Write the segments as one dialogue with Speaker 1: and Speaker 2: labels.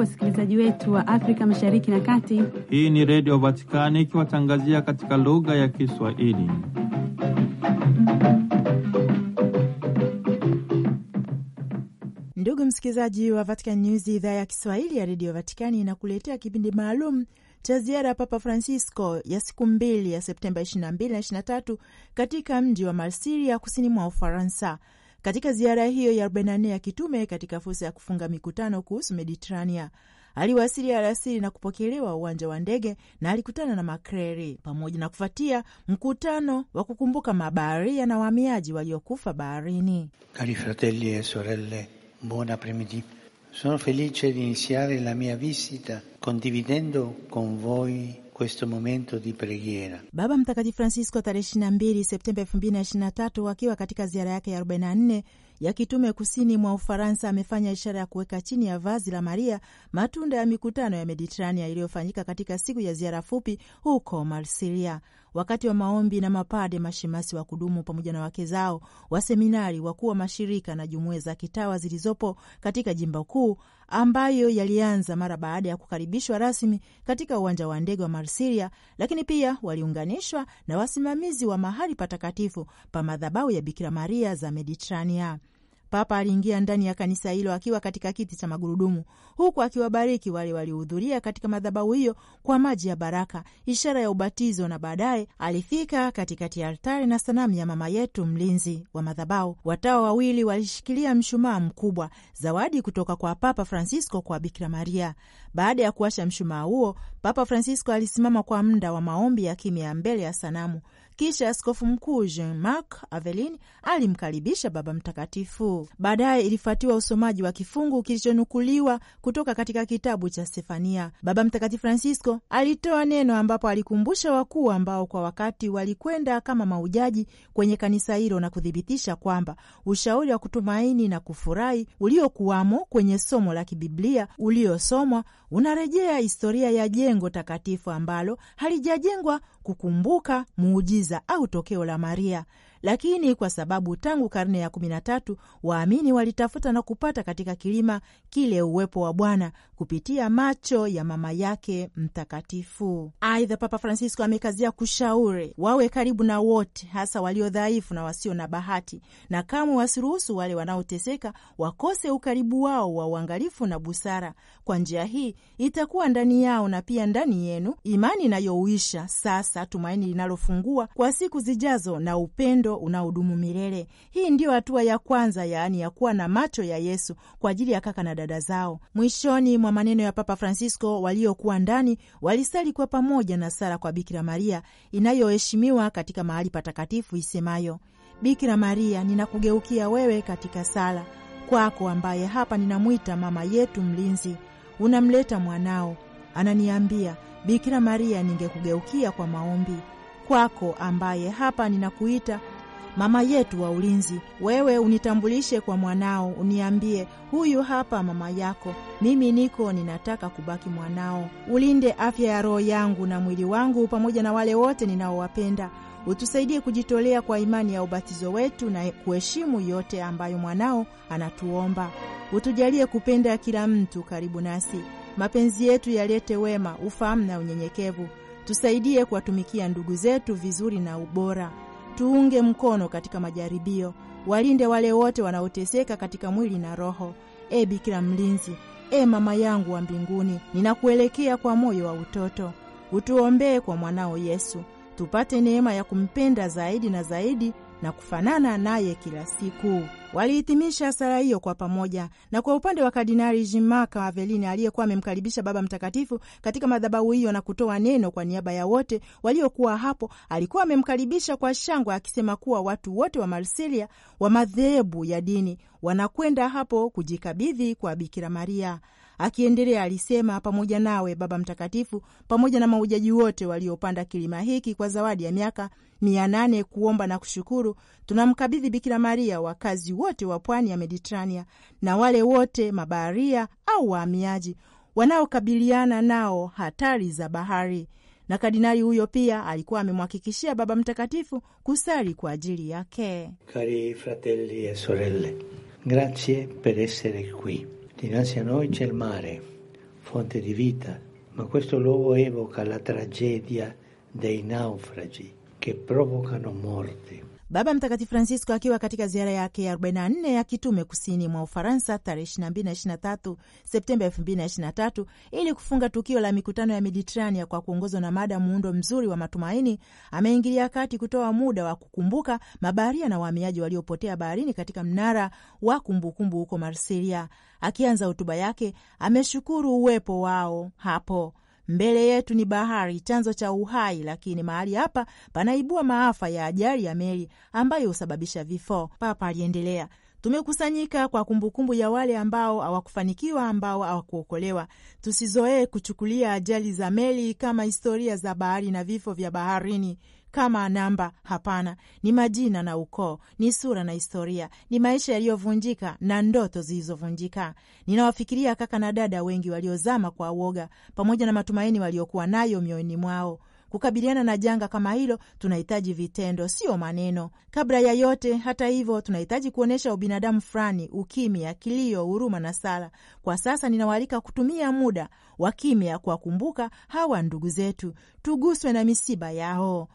Speaker 1: Hujambo wasikilizaji wetu wa Afrika Mashariki na Kati. Hii ni Redio Vatikani ikiwatangazia katika lugha ya Kiswahili. Ndugu msikilizaji wa Vatican News, idhaa ya Kiswahili ya Redio Vatikani inakuletea kipindi maalum cha ziara ya Papa Francisco ya siku mbili ya Septemba 22 na 23 katika mji wa Marsiria kusini mwa Ufaransa katika ziara hiyo ya 44 ya kitume. Katika fursa ya kufunga mikutano kuhusu Mediterania, aliwasili alasiri na kupokelewa uwanja wa ndege na alikutana na makreri pamoja na kufuatia mkutano wa kukumbuka mabaharia na wahamiaji waliokufa baharini. Cari fratelli e sorelle buon primidi. sono felice di iniziare la mia visita condividendo con voi questo momento di preghiera. Baba Mtakatifu Francisco tarehe 22 Septemba 2023 akiwa katika ziara yake ya 44 ya kitume kusini mwa Ufaransa amefanya ishara ya kuweka chini ya vazi la Maria matunda ya mikutano ya Mediterania iliyofanyika katika siku ya ziara fupi huko Marsilia wakati wa maombi na mapade mashemasi wa kudumu pamoja na wake zao waseminari, wakuu wa mashirika na jumuiya za kitawa zilizopo katika jimbo kuu, ambayo yalianza mara baada ya kukaribishwa rasmi katika uwanja wa ndege wa Marsiria, lakini pia waliunganishwa na wasimamizi wa mahali patakatifu pa madhabahu ya Bikira Maria za Mediterania. Papa aliingia ndani ya kanisa hilo akiwa katika kiti cha magurudumu, huku akiwabariki wale walihudhuria katika madhabahu hiyo kwa maji ya baraka, ishara ya ubatizo, na baadaye alifika katikati ya altari na sanamu ya mama yetu mlinzi wa madhabahu. Watawa wawili walishikilia mshumaa mkubwa, zawadi kutoka kwa Papa Francisco kwa Bikira Maria. Baada ya kuwasha mshumaa huo, Papa Francisco alisimama kwa muda wa maombi ya kimya mbele ya sanamu kisha askofu mkuu Jean Marc Avelin alimkaribisha Baba Mtakatifu. Baadaye ilifuatiwa usomaji wa kifungu kilichonukuliwa kutoka katika kitabu cha Sefania. Baba Mtakatifu Francisco alitoa neno ambapo alikumbusha wakuu ambao kwa wakati walikwenda kama maujaji kwenye kanisa hilo na kuthibitisha kwamba ushauri wa kutumaini na kufurahi uliokuwamo kwenye somo la kibiblia uliosomwa unarejea historia ya jengo takatifu ambalo halijajengwa kukumbuka muujiza au tokeo la Maria lakini kwa sababu tangu karne ya kumi na tatu waamini walitafuta na kupata katika kilima kile uwepo wa Bwana kupitia macho ya mama yake mtakatifu. Aidha, Papa Francisco amekazia kushauri wawe karibu na wote, hasa walio dhaifu na wasio na bahati, na kamwe wasiruhusu wale wanaoteseka wakose ukaribu wao wa uangalifu na busara. Kwa njia hii itakuwa ndani yao na pia ndani yenu imani inayouisha sasa, tumaini linalofungua kwa siku zijazo na upendo upendo unaohudumu milele. Hii ndiyo hatua ya kwanza, yaani ya kuwa na macho ya Yesu kwa ajili ya kaka na dada zao. Mwishoni mwa maneno ya Papa Francisco, waliokuwa ndani walisali kwa pamoja na sala kwa Bikira Maria inayoheshimiwa katika mahali patakatifu isemayo: Bikira Maria, ninakugeukia wewe katika sala kwako, ambaye hapa ninamwita mama yetu mlinzi. Unamleta mwanao, ananiambia Bikira Maria, ningekugeukia kwa maombi kwako, ambaye hapa ninakuita Mama yetu wa ulinzi, wewe unitambulishe kwa mwanao, uniambie huyu hapa mama yako, mimi niko ninataka kubaki mwanao. Ulinde afya ya roho yangu na mwili wangu pamoja na wale wote ninaowapenda. Utusaidie kujitolea kwa imani ya ubatizo wetu na kuheshimu yote ambayo mwanao anatuomba. Utujalie kupenda kila mtu karibu nasi. Mapenzi yetu yalete wema, ufahamu na unyenyekevu. Tusaidie kuwatumikia ndugu zetu vizuri na ubora. Tuunge mkono katika majaribio, walinde wale wote wanaoteseka katika mwili na roho. E Bikira mlinzi, e mama yangu wa mbinguni, ninakuelekea kwa moyo wa utoto. Utuombee kwa mwanao Yesu, tupate neema ya kumpenda zaidi na zaidi na kufanana naye kila siku. Walihitimisha sala hiyo kwa pamoja, na kwa upande wa Kardinali Jimaka Avelini aliyekuwa amemkaribisha Baba Mtakatifu katika madhabahu hiyo na kutoa neno kwa niaba ya wote waliokuwa hapo, alikuwa amemkaribisha kwa shangwe, akisema kuwa watu wote wa Marsilia wa madhehebu ya dini wanakwenda hapo kujikabidhi kwa Bikira Maria. Akiendelea alisema, pamoja nawe Baba Mtakatifu, pamoja na maujaji wote waliopanda kilima hiki kwa zawadi ya miaka mia nane kuomba na kushukuru, tunamkabidhi Bikira Maria wakazi wote wa pwani ya Mediterania na wale wote mabaharia au wahamiaji wanaokabiliana nao hatari za bahari. Na kardinali huyo pia alikuwa amemhakikishia Baba Mtakatifu kusali kwa ajili yake. Cari fratelli e sorelle grazie per essere qui Dinanzi a noi c'è il mare, fonte di vita, ma questo luogo evoca la tragedia dei naufragi che provocano morte. Baba Mtakatifu Francisco akiwa katika ziara yake ya 44 ya kitume kusini mwa Ufaransa tarehe 22 na 23 Septemba 2023 ili kufunga tukio la mikutano ya Mediterania kwa kuongozwa na mada muundo mzuri wa matumaini, ameingilia kati kutoa muda wa kukumbuka mabaharia na wahamiaji waliopotea baharini katika mnara wa kumbukumbu huko Marsilia. Akianza hotuba yake, ameshukuru uwepo wao hapo mbele yetu ni bahari, chanzo cha uhai, lakini mahali hapa panaibua maafa ya ajali ya meli ambayo husababisha vifo. Papa aliendelea, tumekusanyika kwa kumbukumbu kumbu ya wale ambao hawakufanikiwa, ambao hawakuokolewa. Tusizoee kuchukulia ajali za meli kama historia za bahari na vifo vya baharini kama namba. Hapana, ni majina na ukoo, ni sura na historia, ni maisha yaliyovunjika na ndoto zilizovunjika. Ninawafikiria kaka na dada wengi waliozama kwa woga pamoja na matumaini waliokuwa nayo mioyoni mwao. Kukabiliana na janga kama hilo, tunahitaji vitendo, sio maneno. Kabla ya yote, hata hivyo, tunahitaji kuonyesha ubinadamu fulani: ukimya, kilio, huruma na sala. Kwa sasa, ninawaalika kutumia muda wa kimya kuwakumbuka hawa ndugu zetu, tuguswe na misiba yao.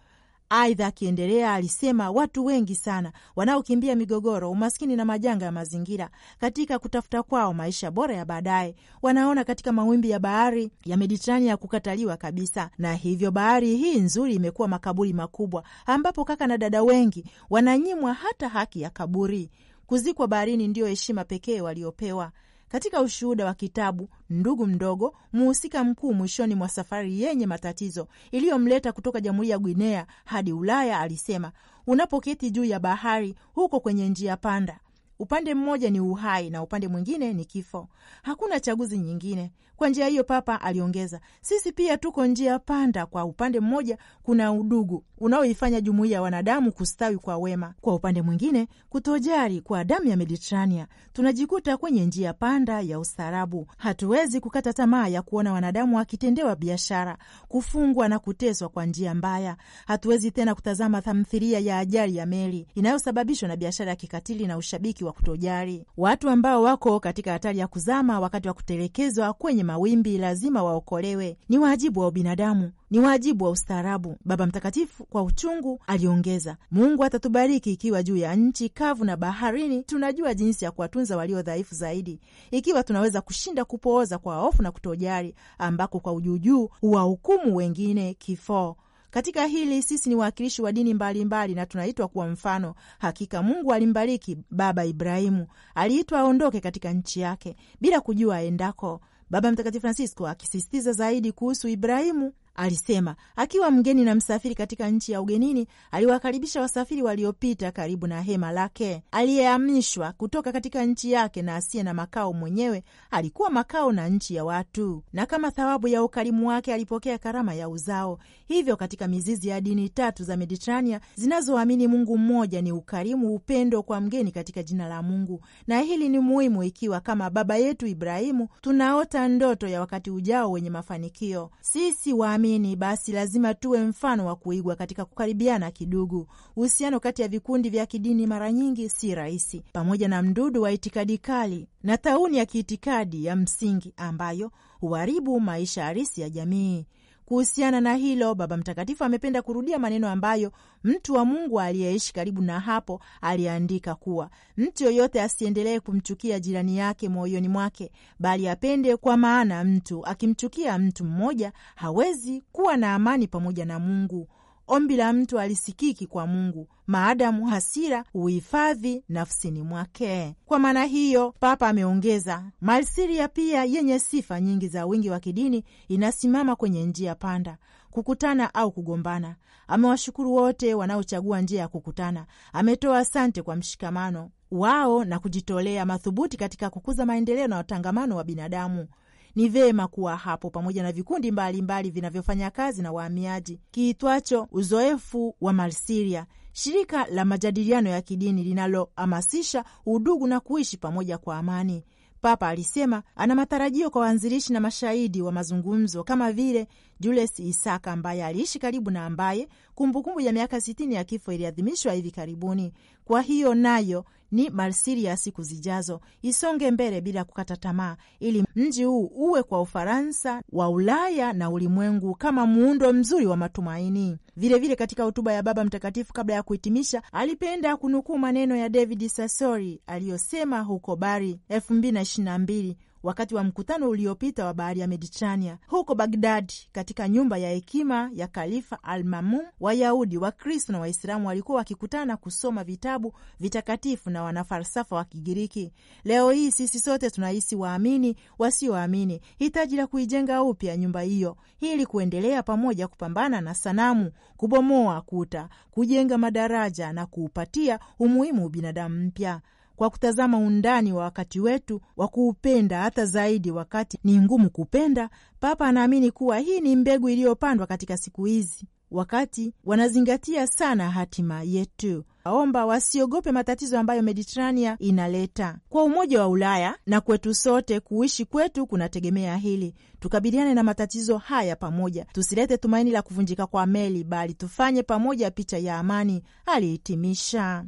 Speaker 1: Aidha, akiendelea alisema watu wengi sana wanaokimbia migogoro, umaskini na majanga ya mazingira katika kutafuta kwao maisha bora ya baadaye, wanaona katika mawimbi ya bahari ya Mediterania ya kukataliwa kabisa, na hivyo bahari hii nzuri imekuwa makaburi makubwa, ambapo kaka na dada wengi wananyimwa hata haki ya kaburi. Kuzikwa baharini ndiyo heshima pekee waliopewa. Katika ushuhuda wa kitabu Ndugu Mdogo, mhusika mkuu mwishoni mwa safari yenye matatizo iliyomleta kutoka jamhuri ya Guinea hadi Ulaya alisema, unapoketi juu ya bahari huko kwenye njia panda Upande mmoja ni uhai na upande mwingine ni kifo. Hakuna chaguzi nyingine. Kwa njia hiyo, Papa aliongeza, sisi pia tuko njia panda. Kwa upande mmoja kuna udugu unaoifanya jumuiya ya wanadamu kustawi kwa wema, kwa upande mwingine kutojari kwa damu ya Mediterania. Tunajikuta kwenye njia panda ya ustaarabu. Hatuwezi kukata tamaa ya kuona wanadamu wakitendewa biashara, kufungwa na kuteswa kwa njia mbaya. Hatuwezi tena kutazama tamthilia ya ajali ya meli inayosababishwa na biashara ya kikatili na ushabiki wa kutojali. Watu ambao wako katika hatari ya kuzama wakati wa kutelekezwa kwenye mawimbi lazima waokolewe. Ni wajibu wa ubinadamu, ni wajibu wa ustaarabu. Baba Mtakatifu kwa uchungu aliongeza, Mungu atatubariki ikiwa juu ya nchi kavu na baharini tunajua jinsi ya kuwatunza walio dhaifu zaidi, ikiwa tunaweza kushinda kupooza kwa hofu na kutojali, ambako kwa ujuujuu huwahukumu wengine kifo katika hili sisi ni wawakilishi wa dini mbalimbali mbali, na tunaitwa kuwa mfano. Hakika Mungu alimbariki baba Ibrahimu, aliitwa aondoke katika nchi yake bila kujua aendako. Baba Mtakatifu Francisco akisisitiza zaidi kuhusu Ibrahimu Alisema akiwa mgeni na msafiri katika nchi ya ugenini, aliwakaribisha wasafiri waliopita karibu na hema lake. Aliyehamishwa kutoka katika nchi yake na asiye na makao mwenyewe, alikuwa makao na nchi ya watu, na kama thawabu ya ukarimu wake alipokea karama ya uzao. Hivyo katika mizizi ya dini tatu za Mediterania zinazoamini Mungu mmoja ni ukarimu, upendo kwa mgeni katika jina la Mungu, na hili ni muhimu ikiwa kama baba yetu Ibrahimu tunaota ndoto ya wakati ujao wenye mafanikio. Sisi waamini tunaamini basi lazima tuwe mfano wa kuigwa katika kukaribiana kidugu. Uhusiano kati ya vikundi vya kidini mara nyingi si rahisi, pamoja na mdudu wa itikadi kali na tauni ya kiitikadi ya msingi ambayo huharibu maisha halisi ya jamii. Kuhusiana na hilo, Baba Mtakatifu amependa kurudia maneno ambayo mtu wa Mungu aliyeishi karibu na hapo aliandika kuwa mtu yoyote asiendelee kumchukia jirani yake moyoni mwake, bali apende, kwa maana mtu akimchukia mtu mmoja hawezi kuwa na amani pamoja na Mungu ombi la mtu alisikiki kwa Mungu maadamu hasira huhifadhi nafsini mwake. Kwa maana hiyo, Papa ameongeza, malsiria pia yenye sifa nyingi za wingi wa kidini inasimama kwenye njia panda kukutana au kugombana. Amewashukuru wote wanaochagua njia ya kukutana. Ametoa asante kwa mshikamano wao na kujitolea mathubuti katika kukuza maendeleo na watangamano wa binadamu ni vema kuwa hapo pamoja na vikundi mbalimbali vinavyofanya kazi na wahamiaji kiitwacho Uzoefu wa Marsiria, shirika la majadiliano ya kidini linalohamasisha udugu na kuishi pamoja kwa amani. Papa alisema ana matarajio kwa waanzilishi na mashahidi wa mazungumzo kama vile Julius Isaka ambaye aliishi karibu na ambaye kumbukumbu ya miaka sitini ya kifo iliadhimishwa hivi karibuni. Kwa hiyo nayo ni marsiri ya siku zijazo. Isonge mbele bila kukata tamaa, ili mji huu uwe kwa Ufaransa wa Ulaya na ulimwengu kama muundo mzuri wa matumaini. Vilevile vile katika hotuba ya Baba Mtakatifu kabla ya kuhitimisha, alipenda kunukuu maneno ya David sasori aliyosema huko Bari wakati wa mkutano uliopita wa bahari ya Mediterania huko Bagdadi, katika nyumba ya hekima ya Khalifa Al-Mamum. Wayahudi, Wakristo na Waislamu walikuwa wakikutana kusoma vitabu vitakatifu na wanafalsafa wa Kigiriki. Leo hii sisi sote tunahisi, waamini wasioamini, hitaji la kuijenga upya nyumba hiyo ili kuendelea pamoja kupambana na sanamu, kubomoa kuta, kujenga madaraja na kuupatia umuhimu binadamu mpya kwa kutazama undani wa wakati wetu wa kuupenda hata zaidi wakati ni ngumu kupenda. Papa anaamini kuwa hii ni mbegu iliyopandwa katika siku hizi, wakati wanazingatia sana hatima yetu. Waomba wasiogope matatizo ambayo Mediterania inaleta kwa umoja wa Ulaya na kwetu sote. Kuishi kwetu kunategemea hili. Tukabiliane na matatizo haya pamoja, tusilete tumaini la kuvunjika kwa meli, bali tufanye pamoja picha ya amani, alihitimisha.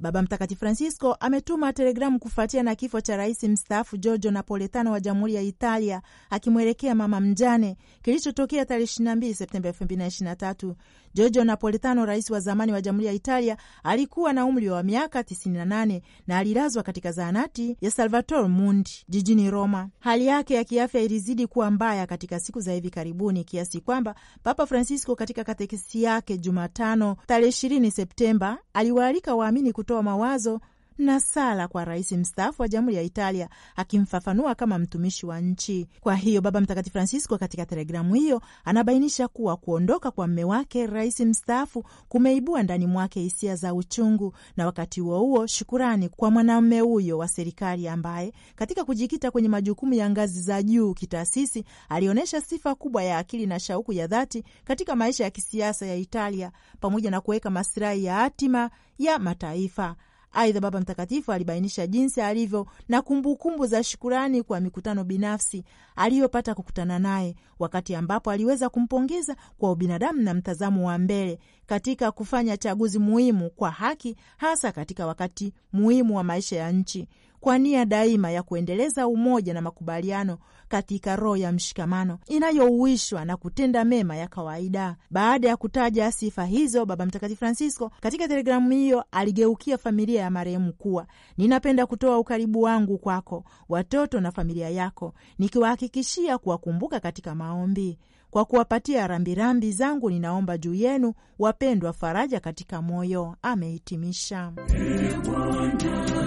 Speaker 1: Baba Mtakatifu Francisco ametuma telegramu kufuatia na kifo cha rais mstaafu Giorgio Napoletano wa Jamhuri ya Italia akimwelekea mama mjane kilichotokea tarehe 22 Septemba 2023 Giorgio Napolitano, rais wa zamani wa Jamhuri ya Italia, alikuwa na umri wa miaka 98 na alilazwa katika zahanati ya Salvator Mundi jijini Roma. Hali yake ya kiafya ilizidi kuwa mbaya katika siku za hivi karibuni kiasi kwamba Papa Francisco katika katekesi yake Jumatano tarehe 20 Septemba aliwaalika waamini kutoa mawazo na sala kwa rais mstaafu wa jamhuri ya Italia, akimfafanua kama mtumishi wa nchi. Kwa hiyo Baba Mtakatifu Francisco katika telegramu hiyo anabainisha kuwa kuondoka kwa mme wake rais mstaafu kumeibua ndani mwake hisia za uchungu na wakati huo huo shukurani kwa mwanamme huyo wa serikali ambaye katika kujikita kwenye majukumu ya ngazi za juu kitaasisi alionyesha sifa kubwa ya akili na shauku ya dhati katika maisha ya kisiasa ya Italia pamoja na kuweka masilahi ya hatima ya mataifa Aidha, Baba Mtakatifu alibainisha jinsi alivyo na kumbukumbu kumbu za shukurani kwa mikutano binafsi aliyopata kukutana naye, wakati ambapo aliweza kumpongeza kwa ubinadamu na mtazamo wa mbele katika kufanya chaguzi muhimu kwa haki, hasa katika wakati muhimu wa maisha ya nchi kwa nia daima ya kuendeleza umoja na makubaliano katika roho ya mshikamano inayouishwa na kutenda mema ya kawaida. Baada ya kutaja sifa hizo, Baba Mtakatifu Francisco katika telegramu hiyo aligeukia familia ya marehemu kuwa, ninapenda kutoa ukaribu wangu kwako, watoto na familia yako, nikiwahakikishia kuwakumbuka katika maombi kwa kuwapatia rambirambi zangu ninaomba juu yenu wapendwa, faraja katika moyo. Amehitimisha. Ee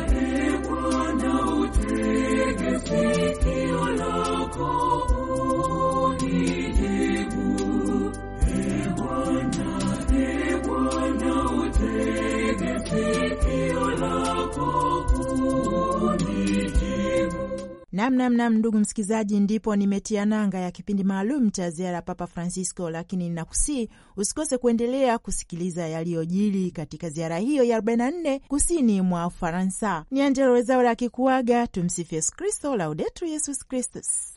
Speaker 1: Namnamnam ndugu msikilizaji, ndipo nimetia nanga ya kipindi maalum cha ziara ya Papa Francisco, lakini ninakusii usikose kuendelea kusikiliza yaliyojili katika ziara hiyo ya 44 kusini mwa Ufaransa. Ni Angelo Wezaura akikuaga. Tumsifu Yesu Kristo, Laudetur Yesus Kristus.